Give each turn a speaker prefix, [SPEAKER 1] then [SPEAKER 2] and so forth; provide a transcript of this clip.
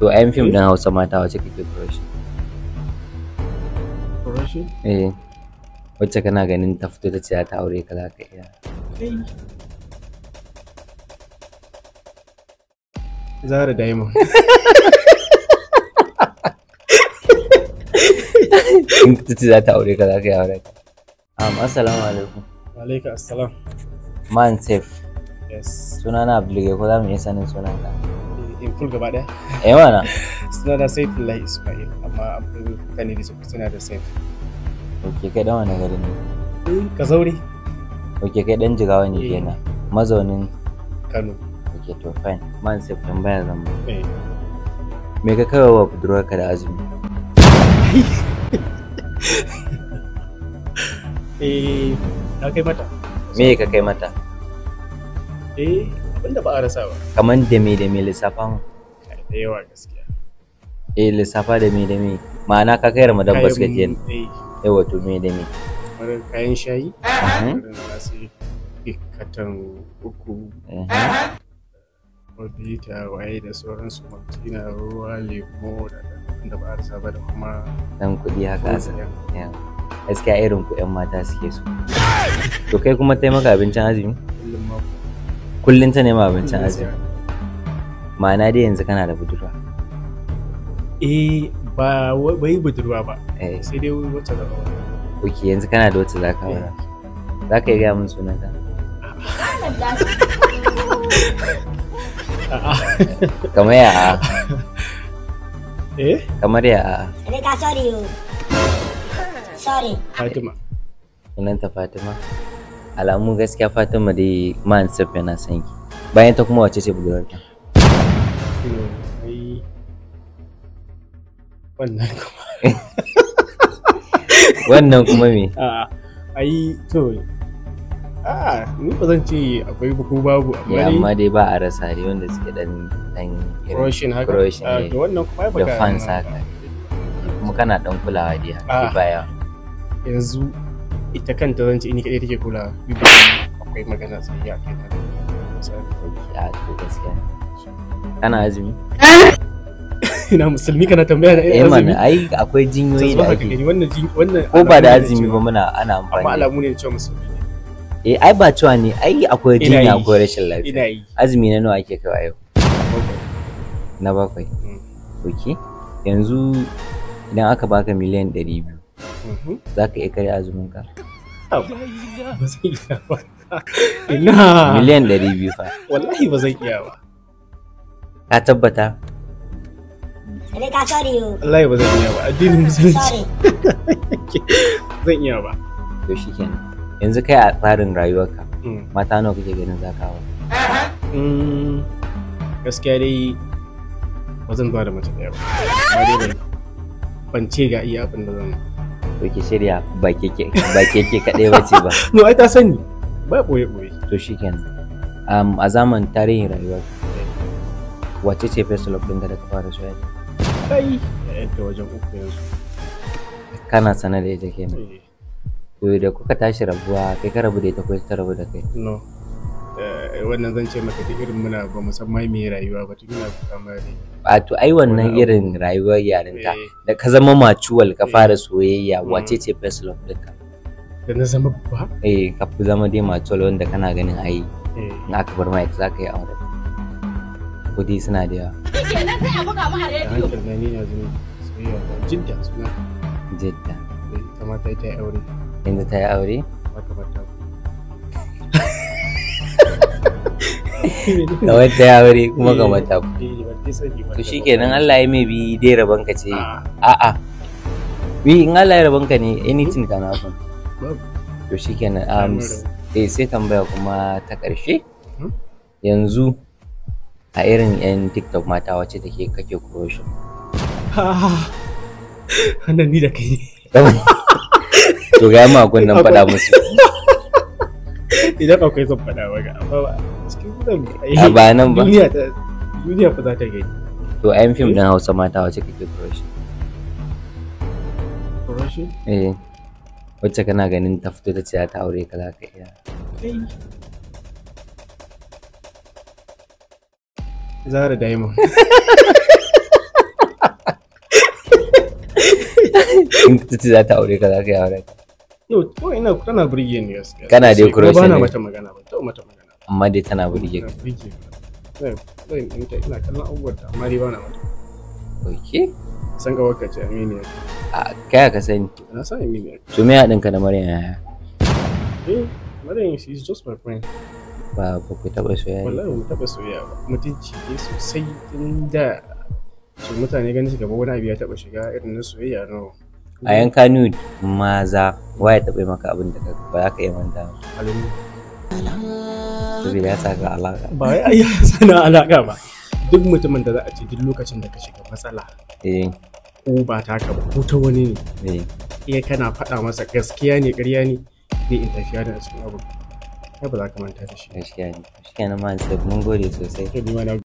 [SPEAKER 1] To ayan fim ɗin hmm? Hausa mata wacce kake crush? Crush? Eh. Wacce kana ganin ta fito ta ce ta aure kala za ka Zara Diamond. Ini ta ce za ta aure ka za ka iya aure Man safe. Yes. Sunana Abdulgai ko za mu iya sanin sunanka? full gaba daya eh, yawa na
[SPEAKER 2] suna da saif lahi ismail amma abin kane da suna da saif
[SPEAKER 1] ok kai dan wani gari ne ka zaure ok kai dan jigawa ne eh. kenan mazaunin kano ok to fine man saif baya zan ba eh. me ka kawo wa budurwarka da azumi eh na kai mata me ka kai mata
[SPEAKER 2] eh abinda ba a rasa ba
[SPEAKER 1] kamar da me da me lissafa mu
[SPEAKER 2] da yawa gaskiya
[SPEAKER 1] eh lissafa da me da me ma'ana ka kai ramadan basket kenan eh. eh wato me da me
[SPEAKER 2] kamar kayan shayi uh-huh. nasu katan uku bita uh-huh. waye da sauransu martina ruwa lemo da da ba a saba da kuma dan kuɗi haka a
[SPEAKER 1] gaskiya irin ku 'yan mata suke so to kai kuma taimaka abincin azumi kullum mako kullum ta nema abincin aji ma'ana dai yanzu kana da budurwa
[SPEAKER 2] eh ba bai budurwa ba eh. sai dai wacce da ba
[SPEAKER 1] oke yanzu kana da wacce zaka wani za ka yi gaya sunan sunanta kamar ya a eh kamar ya a
[SPEAKER 2] sorry sorry
[SPEAKER 1] fatima sunanta fatima alamu gaskiya fatan fatima dai man sabbi na san ki bayan ta kuma wace ce budurarka
[SPEAKER 2] wannan kuma
[SPEAKER 1] wannan kuma me
[SPEAKER 2] ai to a ni ba zan ce akwai ko babu amma amma
[SPEAKER 1] dai ba a rasa ne wanda suke dan dan crushing haka crushin da ah, wannan kuma ba da fans haka kuma kana dan kulawa dai ba ya
[SPEAKER 2] yanzu ita kan ta zance ni kadai take kula bibiyan akwai magana
[SPEAKER 1] sai ya kai ta ya to gaskiya ana
[SPEAKER 2] azumi ina musulmi kana tambaya na ina eh, azumi eh ai akwai jinyoyi da ake wannan wannan ko ba da azumi
[SPEAKER 1] ba muna ana amfani amma alamu
[SPEAKER 2] ne cewa musulmi
[SPEAKER 1] eh ai ba cewa ne ai akwai jinya akwai rashin lafiya ina yi azumi na nawa ake kawai yau na bakwai mm. ok yanzu idan aka baka miliyan ɗari biyu mhm. za ka iya karya azumin ka
[SPEAKER 2] ba zan iya ba ina miliyan
[SPEAKER 1] ɗari biyu fa wallahi ba zan iya ba ka tabbata
[SPEAKER 2] eh,
[SPEAKER 1] wallahi ba zan iya ba addinin musulunci zan iya ba to shikenan yanzu kai a tsarin rayuwarka hmm. mata nawa kake ganin zakawa
[SPEAKER 2] hmm, gaskiya dai ba zan ba da mace ɗaya ba ban ce ga iya abin da zan yi.
[SPEAKER 1] to shirya ba ba keke kaɗai ba ce ba no ai ta sani ba ɓoye ɓoye to shikenan um, a zaman tarihin rayuwar wace ce first love ɗin da ka fara soya
[SPEAKER 2] kai ta wajen uku yanzu
[SPEAKER 1] kana sanar da ita kenan eh. to da kuka tashi rabuwa kai ka rabu da ita ko ta rabu da kai no
[SPEAKER 2] wannan zan ce maka duk irin muna ba mu san mai me rayuwa ba tun muna kama
[SPEAKER 1] da wato ai wannan irin rayuwar yarinta eh. da ka zama macuwal ka eh. fara soyayya mm. wace ce first love ɗinka
[SPEAKER 2] da na zama ba
[SPEAKER 1] eh ka fi zama dai macuwal wanda kana ganin ai eh. in aka bar mai ita za ka yi aure kudi suna da yawa kenan sai a buga mu a rediyo da
[SPEAKER 2] ni na zo soyayya jidda suna jidda kamata ta yi aure
[SPEAKER 1] yanzu ta yi aure
[SPEAKER 2] ya ta ka wata ya bari kuma ka eh, mata ku
[SPEAKER 1] eh, to kenan Allah ya mai bi dai ka ce ah. a'a bi in Allah ya ka ne anything hmm? can happen to shikenan um eh sai tambaya kuma ta karshe hmm? yanzu a irin yan tiktok mata wacce take kake corruption
[SPEAKER 2] wannan ni da kai
[SPEAKER 1] to ga ma kun nan faɗa musu
[SPEAKER 2] idan akwai zan faɗa maka amma ba cikin zan a ba nan ba duniya ta duniya fa za ta gani
[SPEAKER 1] to ayin fim din eh? Hausa mata wace kake crush crush eh wacce kana ganin ta fito ta ce ta aure kala za ka iya Zara Diamond in ta ce za ta aure kala za ka iya
[SPEAKER 2] yau to ina tana burge ni gaskiya kana dai ba na mata magana ba to mata
[SPEAKER 1] magana amma dai tana burge ka burge
[SPEAKER 2] in ta ina kallon abubuwan ta amma dai ba na mata okay san ga waka ce aminiya
[SPEAKER 1] a kai ka sani
[SPEAKER 2] na san aminiya
[SPEAKER 1] to me ka da maryam yaya
[SPEAKER 2] eh maryam she is just my friend
[SPEAKER 1] ba ba ku taɓa soyayya wallahi mu
[SPEAKER 2] soyayya ba mutunci ne sosai tun da mutane ganin su gaba wani abu ya taɓa shiga irin na soyayya nawa a yanka
[SPEAKER 1] nude maza ya taɓa maka abin da ba za ka iya manta saboda ya saka alaka
[SPEAKER 2] ba wai ai sana alaka ba duk mutumin da za a ce duk lokacin da ka shiga matsala eh ko ba taka ba ko ta wani ne eh iya eh, kana faɗa masa gaskiya ne ƙarya ne zai in tafiya da cikin abu
[SPEAKER 1] ba za ka manta da shi gaskiya ne gaskiya na ma mun gode sosai